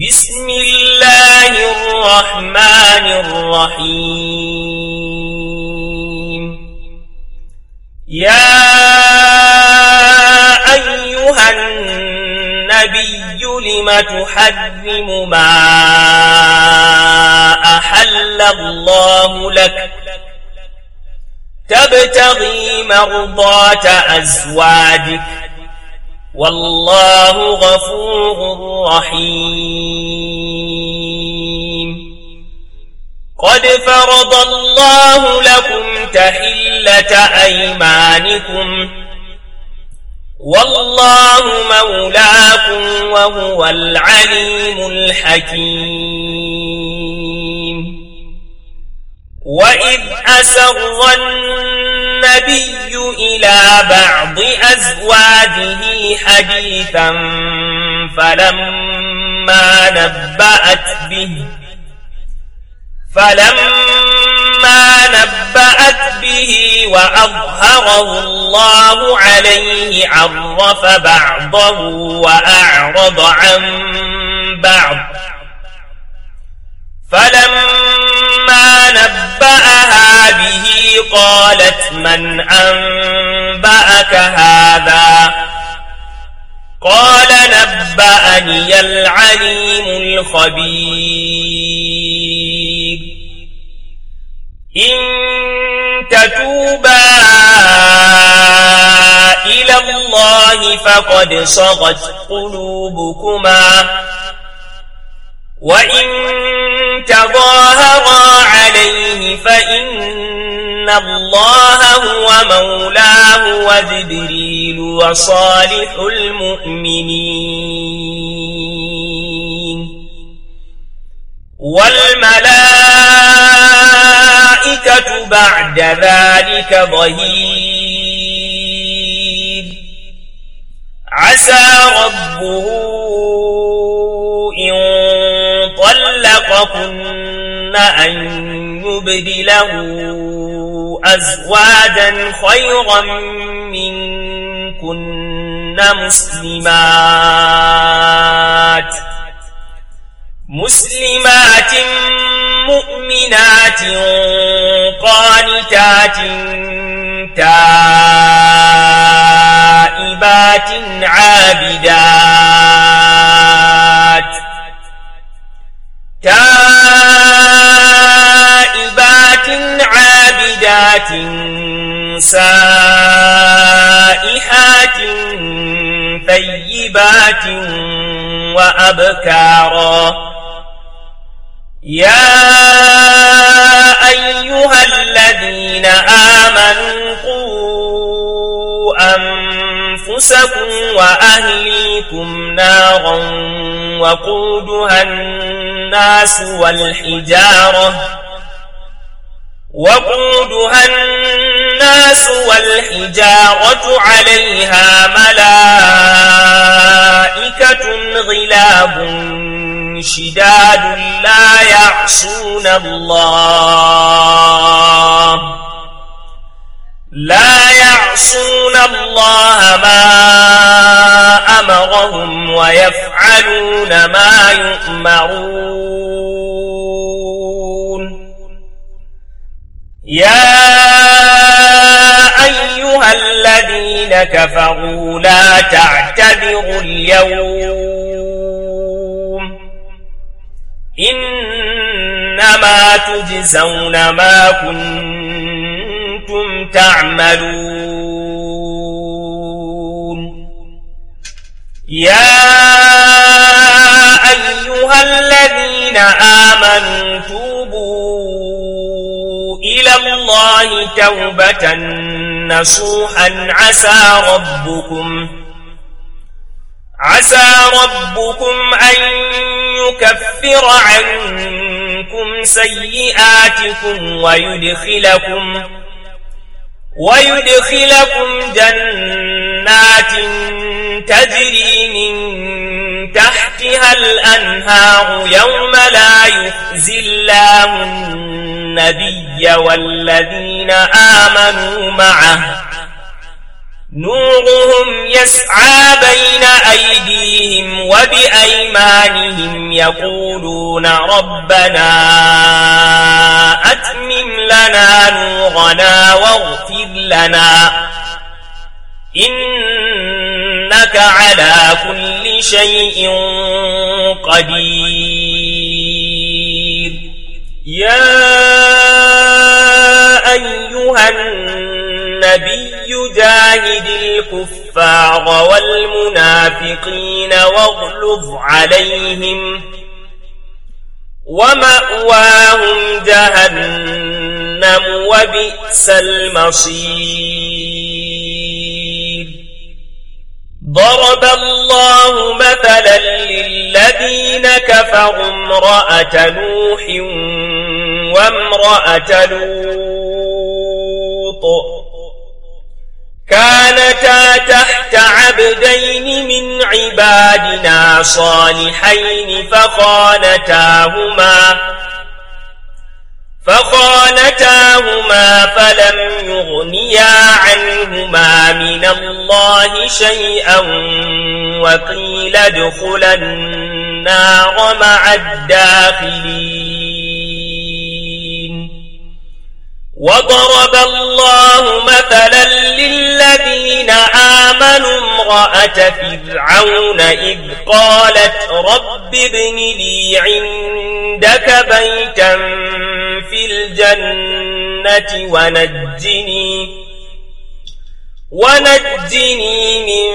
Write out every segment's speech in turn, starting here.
بسم الله الرحمن الرحيم يا أيها النبي لم تحرم ما أحل الله لك تبتغي مرضات أزواجك والله غفور رحيم قد فرض الله لكم تحلة أيمانكم والله مولاكم وهو العليم الحكيم وإذ أسر النبي إلى بعض أزواجه حديثا فلما نبأت به فلما نبأت به وأظهره الله عليه عرف بعضه وأعرض عن بعض فلما نبأها به قالت من أنبأك هذا قال نبأني العليم الخبير إن تتوبا إلى الله فقد صغت قلوبكما وإن تظاهرا إن الله هو مولاه وجبريل وصالح المؤمنين والملائكة بعد ذلك ظهير عسى ربه إن طلقكن أن يبدي له أزواجا خيرا منكن مسلمات مسلمات مؤمنات قانتات تائبات عابدات تائبات سائحات سائحات طيبات وأبكارا يا أيها الذين آمنوا قوا أنفسكم وأهليكم نارا وقودها الناس والحجارة وقودها الناس والحجارة عليها ملائكة غلاب شداد لا يعصون الله لا يعصون الله ما أمرهم ويفعلون ما يؤمرون يا أيها الذين كفروا لا تعتذروا اليوم إنما تجزون ما كنتم تعملون الله توبة نصوحا عسى ربكم عسى ربكم أن يكفر عنكم سيئاتكم ويدخلكم ويدخلكم جنات تجري من تحتها الأنهار يوم لا يخزي الله النبي والذين آمنوا معه نورهم يسعى بين أيديهم وبأيمانهم يقولون ربنا أتمم لنا نورنا واغفر لنا إنك على كل شيء قدير يا أيها النبي جاهد الكفار والمنافقين واغلظ عليهم ومأواهم جهنم وبئس المصير ضرب الله مثلا للذين كفروا امرأة نوح وامرأة لوط كانتا تحت عبدين من عبادنا صالحين فخانتاهما فخانتاهما فلم يغنيا عنهما من الله شيئا وقيل ادخلا النار مع الداخلين وضرب الله مثلا للذين آمنوا امرأة فرعون إذ قالت رب ابن لي عندك بيتا في الجنة ونجني ونجني من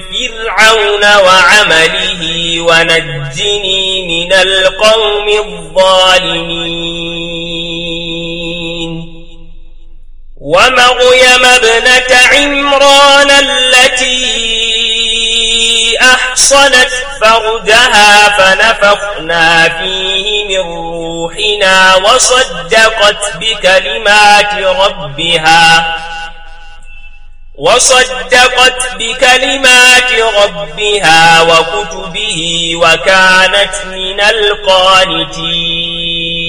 فرعون وعمله ونجني من القوم الظالمين ومغيم ابنة عمران أحصنت فردها فنفخنا فيه من روحنا وصدقت بكلمات ربها وصدقت بكلمات ربها وكتبه وكانت من القانتين